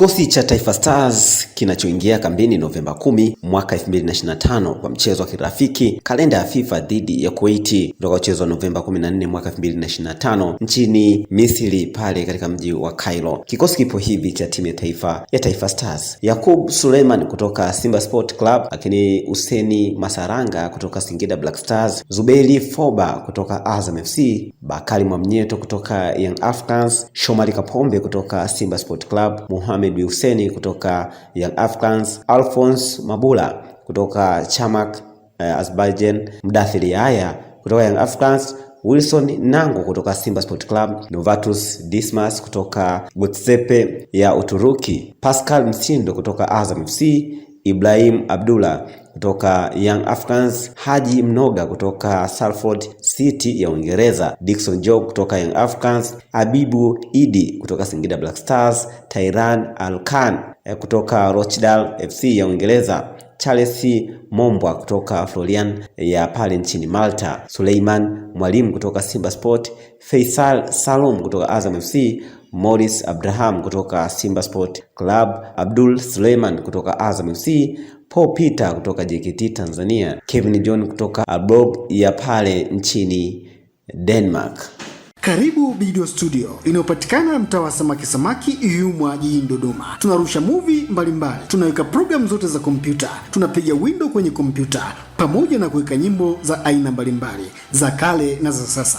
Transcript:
Kikosi cha Taifa Stars kinachoingia kambini Novemba 10 mwaka 2025 kwa mchezo wa kirafiki kalenda ya FIFA dhidi ya Kuwait utakaochezwa Novemba 14 mwaka 2025 nchini Misri pale katika mji wa Cairo. Kikosi kipo hivi cha timu ya taifa ya Taifa Stars: Yakub Suleiman kutoka Simba Sport Club, lakini Huseni Masaranga kutoka Singida Black Stars, zubeli Foba kutoka Azam FC, Bakari Mwamnyeto kutoka Young Africans, Shomari Kapombe kutoka Simba Sport Club, Mohamed Mohamed Hussein kutoka Young Africans, Alphonse Mabula kutoka Chamak eh, Azerbaijan, Mdathiri Haya kutoka Young Africans, Wilson nango kutoka Simba Sport Club, Novatus Dismas kutoka Gotsepe ya Uturuki, Pascal Msindo kutoka Azam FC, Ibrahim Abdullah kutoka Young Africans, Haji Mnoga kutoka Salford City ya Uingereza, Dickson Job kutoka Young Africans, Abibu Idi kutoka Singida Black Stars, Tairan Alkan eh, kutoka Rochdale FC ya Uingereza, Charles Mombwa kutoka Florian eh, ya pale nchini Malta, Suleiman Mwalimu kutoka Simba Sport, Faisal Salum kutoka Azam FC Morris Abraham kutoka Simba Sport Club, Abdul Suleiman kutoka Azam FC, Paul Peter kutoka JKT Tanzania, Kevin John kutoka Aalborg ya pale nchini Denmark. Karibu video studio inayopatikana mtaa wa samaki samaki yumwa jijini Dodoma. Tunarusha movie mbalimbali, tunaweka programu zote za kompyuta, tunapiga window kwenye kompyuta pamoja na kuweka nyimbo za aina mbalimbali za kale na za sasa.